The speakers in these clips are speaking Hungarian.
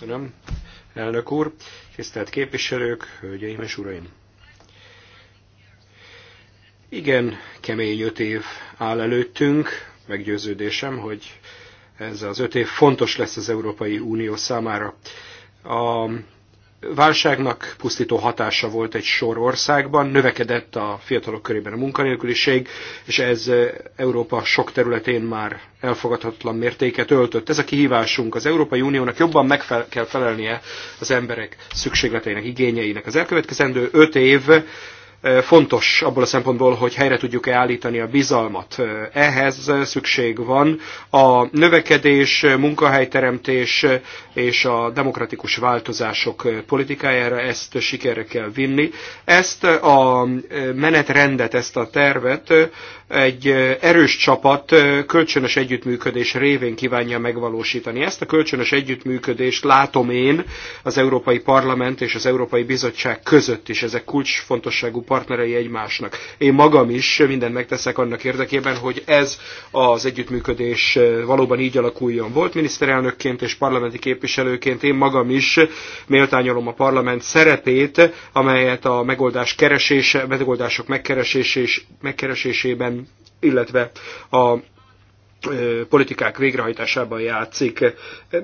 Köszönöm, elnök úr, tisztelt képviselők, hölgyeim és uraim! Igen, kemény öt év áll előttünk, meggyőződésem, hogy ez az öt év fontos lesz az Európai Unió számára. A válságnak pusztító hatása volt egy sor országban, növekedett a fiatalok körében a munkanélküliség, és ez eh, Európa sok területén már elfogadhatatlan mértéket öltött. Ez a kihívásunk. Az Európai Uniónak jobban meg kell felelnie az emberek szükségleteinek, igényeinek. Az elkövetkezendő öt év fontos abból a szempontból, hogy helyre tudjuk-e állítani a bizalmat. Ehhez szükség van a növekedés, munkahelyteremtés és a demokratikus változások politikájára, ezt sikerre kell vinni. Ezt a menetrendet, ezt a tervet egy erős csapat kölcsönös együttműködés révén kívánja megvalósítani. Ezt a kölcsönös együttműködést látom én az Európai Parlament és az Európai Bizottság között is. Ezek kulcsfontosságú partnerei egymásnak. Én magam is mindent megteszek annak érdekében, hogy ez az együttműködés eh, valóban így alakuljon. Volt miniszterelnökként és parlamenti képviselőként én magam is méltányolom a parlament szerepét, amelyet a megoldás keresése, megoldások megkeresés, megkeresésében, illetve a eh, politikák végrehajtásában játszik.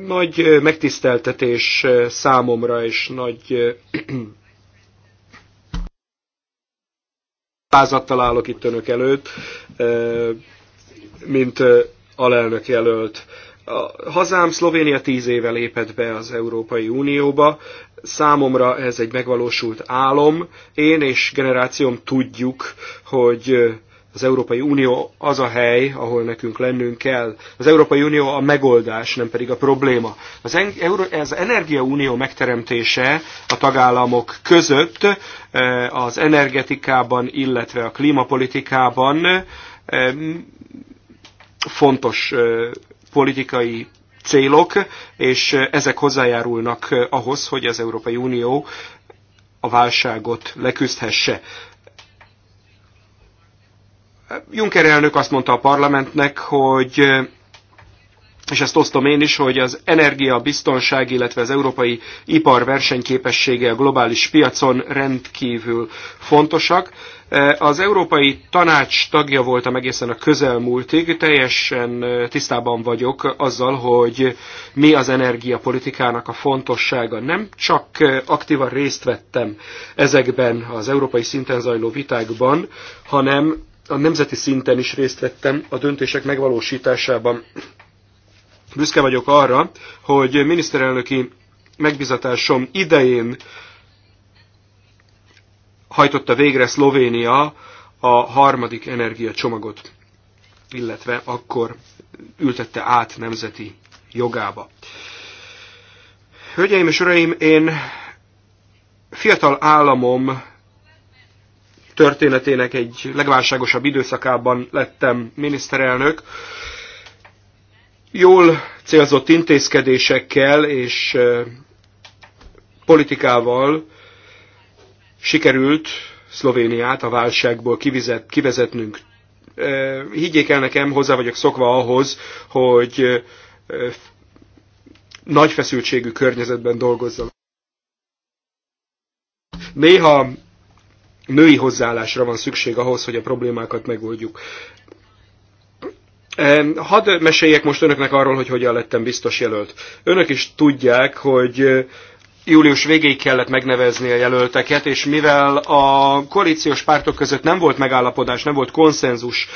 Nagy eh, megtiszteltetés számomra, és nagy pázattal állok itt önök előtt, mint alelnök jelölt. A hazám Szlovénia tíz éve lépett be az Európai Unióba. Számomra ez egy megvalósult álom. Én és generációm tudjuk, hogy az Európai Unió az a hely, ahol nekünk lennünk kell. Az Európai Unió a megoldás, nem pedig a probléma. Az, en, az Energiaunió megteremtése a tagállamok között eh, az energetikában, illetve a klímapolitikában eh, fontos eh, politikai célok, és ezek hozzájárulnak ahhoz, hogy az Európai Unió a válságot leküzdhesse. Juncker elnök azt mondta a parlamentnek, hogy és ezt osztom én is, hogy az energia, biztonság, illetve az európai ipar versenyképessége a globális piacon rendkívül fontosak. Az Európai Tanács tagja voltam egészen a közelmúltig, teljesen tisztában vagyok azzal, hogy mi az energiapolitikának a fontossága. Nem csak aktívan részt vettem ezekben az európai szinten zajló vitákban, hanem a nemzeti szinten is részt vettem a döntések megvalósításában. Büszke vagyok arra, hogy miniszterelnöki megbizatásom idején hajtotta végre Szlovénia a harmadik energiacsomagot, illetve akkor ültette át nemzeti jogába. Hölgyeim és uraim, én fiatal államom történetének egy legválságosabb időszakában lettem miniszterelnök. Jól célzott intézkedésekkel és politikával sikerült Szlovéniát a válságból kivizet, kivezetnünk. Higgyék el nekem, hozzá vagyok szokva ahhoz, hogy nagy feszültségű környezetben dolgozzam. Néha női hozzáállásra van szükség ahhoz, hogy a problémákat megoldjuk. Hadd meséljek most önöknek arról, hogy hogyan lettem biztos jelölt. Önök is tudják, hogy július végéig kellett megnevezni a jelölteket, és mivel a koalíciós pártok között nem volt megállapodás, nem volt konszenzus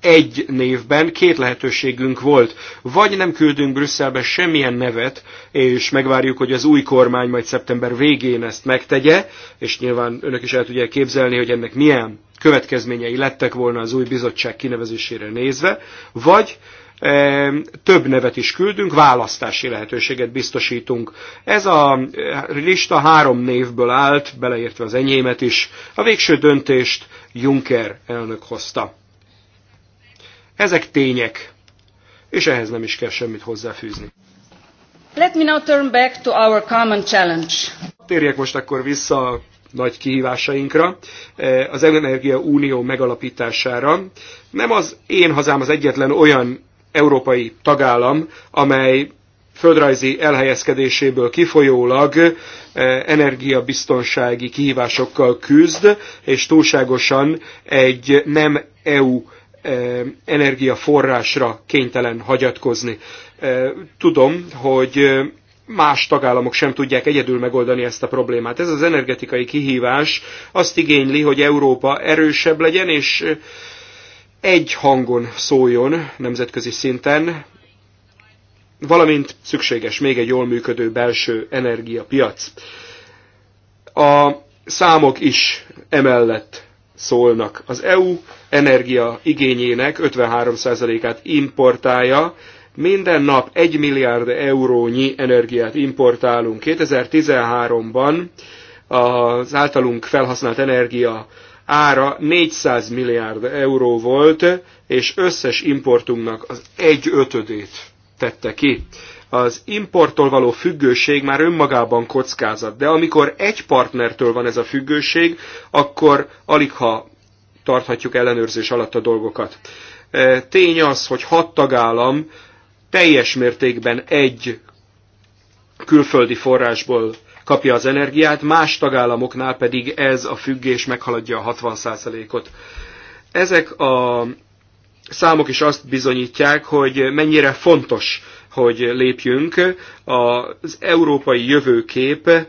egy névben két lehetőségünk volt. Vagy nem küldünk Brüsszelbe semmilyen nevet, és megvárjuk, hogy az új kormány majd szeptember végén ezt megtegye, és nyilván önök is el tudják képzelni, hogy ennek milyen következményei lettek volna az új bizottság kinevezésére nézve, vagy e, több nevet is küldünk, választási lehetőséget biztosítunk. Ez a lista három névből állt, beleértve az enyémet is. A végső döntést Juncker elnök hozta. Ezek tények, és ehhez nem is kell semmit hozzáfűzni. Let me now turn back to our common challenge. Térjek most akkor vissza a nagy kihívásainkra, eh, az Energia Unió megalapítására. Nem az én hazám az egyetlen olyan európai tagállam, amely földrajzi elhelyezkedéséből kifolyólag eh, energiabiztonsági kihívásokkal küzd, és túlságosan egy nem EU energiaforrásra kénytelen hagyatkozni. Tudom, hogy más tagállamok sem tudják egyedül megoldani ezt a problémát. Ez az energetikai kihívás azt igényli, hogy Európa erősebb legyen, és egy hangon szóljon nemzetközi szinten, valamint szükséges még egy jól működő belső energiapiac. A számok is emellett szólnak. Az EU energia igényének 53%-át importálja, minden nap 1 milliárd eurónyi energiát importálunk. 2013-ban az általunk felhasznált energia ára 400 milliárd euró volt, és összes importunknak az egy ötödét tette ki. Az importtól való függőség már önmagában kockázat, de amikor egy partnertől van ez a függőség, akkor alig ha tarthatjuk ellenőrzés alatt a dolgokat. E, tény az, hogy hat tagállam teljes mértékben egy külföldi forrásból kapja az energiát, más tagállamoknál pedig ez a függés meghaladja a 60%-ot. Ezek a számok is azt bizonyítják, hogy mennyire fontos hogy lépjünk. Az európai jövőkép eh,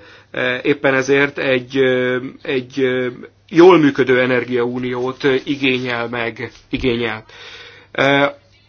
éppen ezért egy, eh, egy eh, jól működő energiauniót igényel meg, igényel.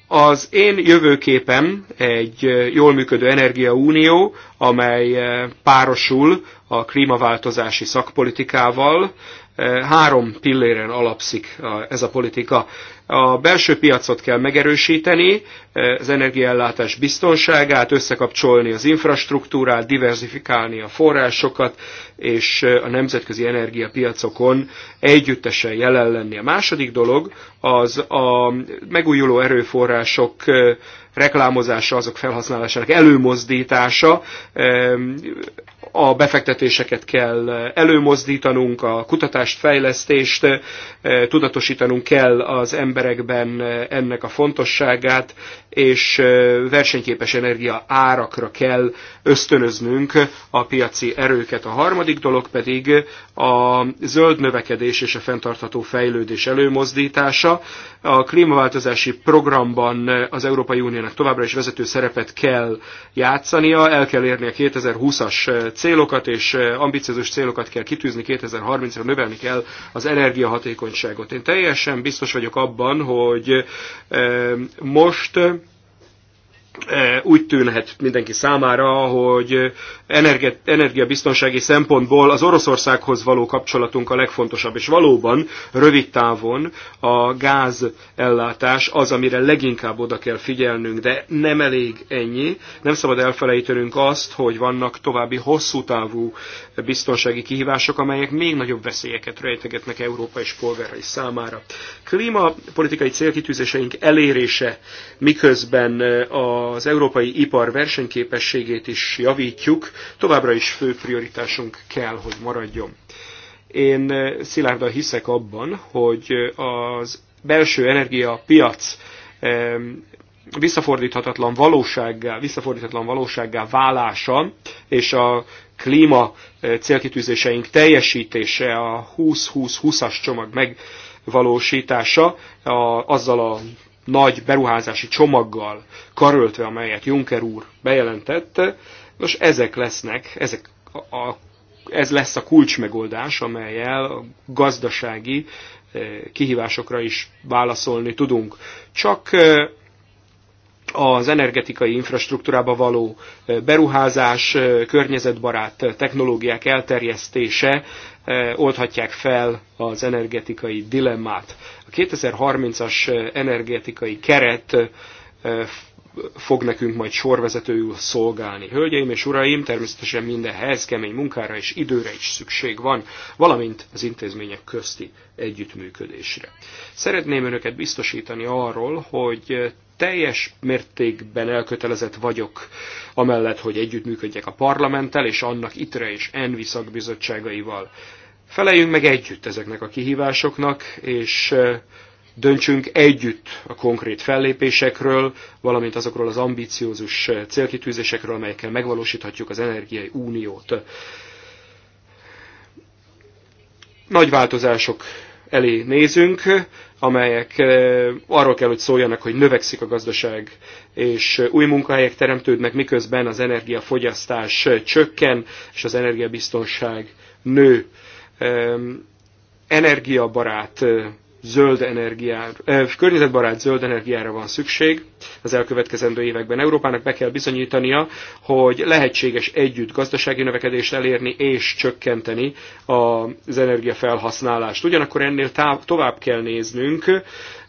Az én jövőképem egy jól működő energiaunió, amely párosul a klímaváltozási szakpolitikával, Eh, három pilléren alapszik ez a politika. A belső piacot kell megerősíteni, eh, az energiaellátás biztonságát, összekapcsolni az infrastruktúrát, diversifikálni a forrásokat, és eh, a nemzetközi energiapiacokon együttesen jelen lenni. A második dolog az a megújuló erőforrások reklámozása, azok felhasználásának előmozdítása, a befektetéseket kell előmozdítanunk, a kutatást, fejlesztést, eh, tudatosítanunk kell az emberekben eh, ennek a fontosságát, és eh, versenyképes energia árakra kell ösztönöznünk a piaci erőket. A harmadik dolog pedig a zöld növekedés és a fenntartható fejlődés előmozdítása. A klímaváltozási programban az Európai Uniónak továbbra is vezető szerepet kell játszania, el kell érni a 2020-as célokat, és ambiciózus célokat kell kitűzni, 2030-ra növelni kell az energiahatékonyságot. Én teljesen biztos vagyok abban, hogy most E, úgy tűnhet mindenki számára, hogy energiabiztonsági szempontból az Oroszországhoz való kapcsolatunk a legfontosabb, és valóban rövid távon a gázellátás az, amire leginkább oda kell figyelnünk, de nem elég ennyi. Nem szabad elfelejtenünk azt, hogy vannak további hosszú távú biztonsági kihívások, amelyek még nagyobb veszélyeket rejtegetnek Európa és polgárai számára. Klímapolitikai célkitűzéseink elérése miközben e, a az európai ipar versenyképességét is javítjuk, továbbra is fő prioritásunk kell, hogy maradjon. Én eh, szilárdan hiszek abban, hogy eh, az belső energiapiac visszafordíthatatlan valósággá, visszafordíthatatlan valósággá válása és a klíma eh, célkitűzéseink teljesítése, a 20-20-20-as csomag megvalósítása a, azzal a nagy beruházási csomaggal karöltve, amelyet Juncker úr bejelentette, nos ezek lesznek, ezek a, a, ez lesz a kulcsmegoldás, amelyel a gazdasági eh, kihívásokra is válaszolni tudunk. Csak eh, az energetikai infrastruktúrába való beruházás, környezetbarát technológiák elterjesztése oldhatják fel az energetikai dilemmát. A 2030-as energetikai keret fog nekünk majd sorvezetőül szolgálni. Hölgyeim és uraim, természetesen mindenhez kemény munkára és időre is szükség van, valamint az intézmények közti együttműködésre. Szeretném önöket biztosítani arról, hogy teljes mértékben elkötelezett vagyok amellett, hogy együttműködjek a parlamenttel és annak ITRE és ENVI szakbizottságaival. Feleljünk meg együtt ezeknek a kihívásoknak, és döntsünk együtt a konkrét fellépésekről, valamint azokról az ambiciózus célkitűzésekről, amelyekkel megvalósíthatjuk az energiai uniót. Nagy változások elé nézünk, amelyek eh, arról kell, hogy szóljanak, hogy növekszik a gazdaság, és új munkahelyek teremtődnek, miközben az energiafogyasztás csökken, és az energiabiztonság nő. Energiabarát eh, zöld energiára, környezetbarát zöld energiára van szükség az elkövetkezendő években. Európának be kell bizonyítania, hogy lehetséges együtt gazdasági növekedést elérni és csökkenteni az energiafelhasználást. Ugyanakkor ennél táv, tovább kell néznünk,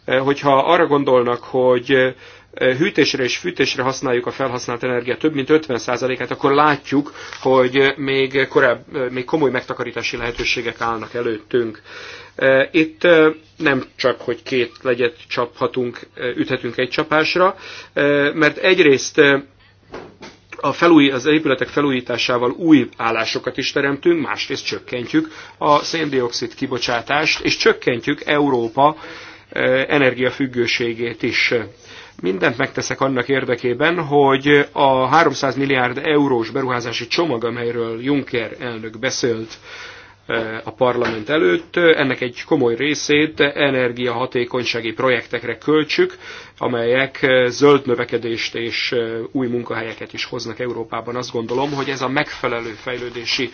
Eh, hogyha arra gondolnak, hogy eh, hűtésre és fűtésre használjuk a felhasznált energia több mint 50%-át, akkor látjuk, hogy még, korább, eh, még komoly megtakarítási lehetőségek állnak előttünk. Itt nem csak, hogy két legyet csaphatunk, üthetünk egy csapásra, mert egyrészt a felúj, az épületek felújításával új állásokat is teremtünk, másrészt csökkentjük a széndiokszid kibocsátást, és csökkentjük Európa energiafüggőségét is. Mindent megteszek annak érdekében, hogy a 300 milliárd eurós beruházási csomag, amelyről Juncker elnök beszélt, a parlament előtt. Ennek egy komoly részét energiahatékonysági projektekre költsük, amelyek zöld növekedést és új munkahelyeket is hoznak Európában. Azt gondolom, hogy ez a megfelelő fejlődési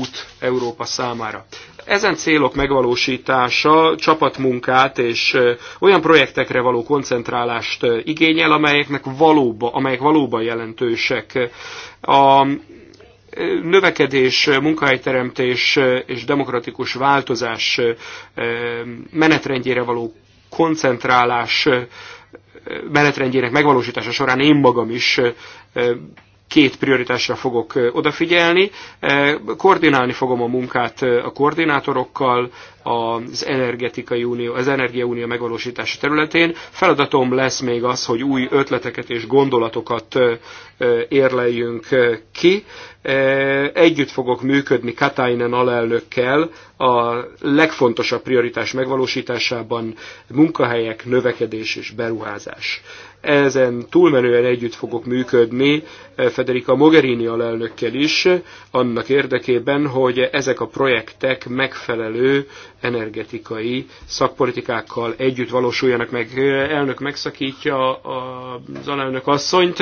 út Európa számára. Ezen célok megvalósítása csapatmunkát és olyan projektekre való koncentrálást igényel, amelyeknek valóba, amelyek valóban jelentősek. A növekedés, munkahelyteremtés és demokratikus változás menetrendjére való koncentrálás menetrendjének megvalósítása során én magam is két prioritásra fogok odafigyelni. Koordinálni fogom a munkát a koordinátorokkal, az energetikai unió, az energiaunió megvalósítása területén. Feladatom lesz még az, hogy új ötleteket és gondolatokat érleljünk ki. Együtt fogok működni Katainen alelnökkel a legfontosabb prioritás megvalósításában munkahelyek, növekedés és beruházás. Ezen túlmenően együtt fogok működni Federica Mogherini alelnökkel is, annak érdekében, hogy ezek a projektek megfelelő energetikai szakpolitikákkal együtt valósuljanak meg. Elnök megszakítja az alelnök asszonyt.